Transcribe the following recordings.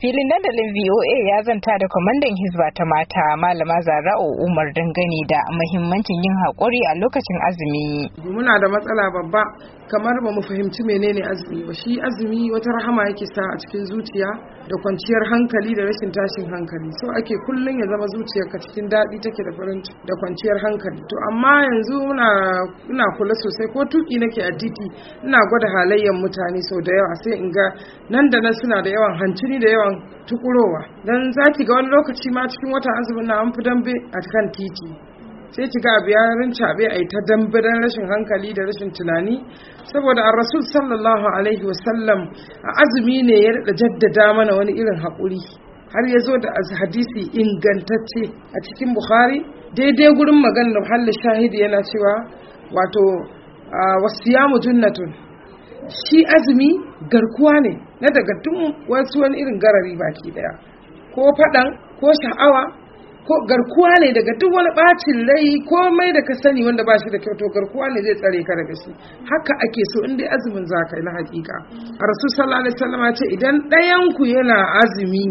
filin dandalin voa ya zanta da kwamandan hizba ta mata malama zara'u umar dangane da mahimmancin yin haƙuri a lokacin azumi muna da matsala babba kamar ba mu fahimci menene azumi ba shi azumi wata rahama yake sa a cikin zuciya da kwanciyar hankali da rashin tashin hankali so ake kullum ya zama ka cikin daɗi take da farin da kwanciyar hankali to amma yanzu ina kula sosai ko tuki nake a titi ina gwada halayyar mutane sau da yawa sai in ga nan da nan suna da yawan hancini da yawan yawan tukurowa don za ki ga wani lokaci ma cikin watan azumin na an fi dambe a kan titi sai ki ga abu ya rincaɓe a yi ta dambe don rashin hankali da rashin tunani saboda a rasul sallallahu alaihi wasallam a azumi ne ya da jaddada mana wani irin haƙuri har ya zo da hadisi ingantacce a cikin bukhari daidai gurin maganar muhalli shahidi yana cewa wato wasu yamu junnatun shi azumi garkuwa ne na daga duk wasu wani irin garari baki daya ko faɗan ko sha'awa ko garkuwa ne daga duk wani ɓacin rai mai da ka sani wanda ba shi da kyau to garkuwa ne zai tsare ka daga shi haka ake so in dai azumin za ka yi na hakika a rasu sallallahu alaihi wasallam ce idan ɗayan yana azumi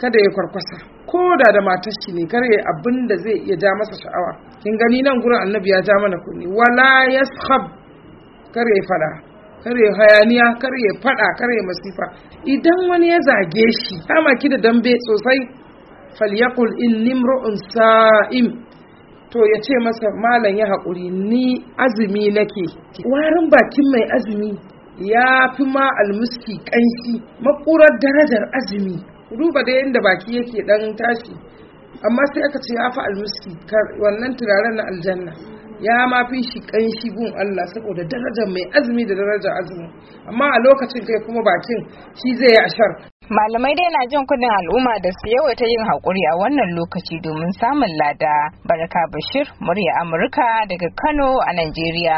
kada ya kwarkwasa ko da da matar shi ne kare abin da zai iya ja masa sha'awa kin gani nan gurin annabi ya ja mana kunni wala kar kare fada kar hayaniya kar ya faɗa, kar ya masifa idan wani ya zage shi kama ki da dambe sosai falyakul inni imru'un sa'im to ya ce masa malam ya haƙuri ni azumi nake warin bakin mai azumi ya fi ma almuski ƙanshi makurar darajar azumi duba da yadda baki yake ɗan tashi amma sai aka ce ya fi almuski wannan turaren na aljanna ya ma fi shi shi gun Allah saboda darajar mai azumi da darajar azumi amma a lokacin kai kuma bakin shi zai yi ashar malamai dai na jin kudin al'umma da su yawaita yin haƙuri a wannan lokaci domin samun lada baraka bashir murya amurka daga kano a najeriya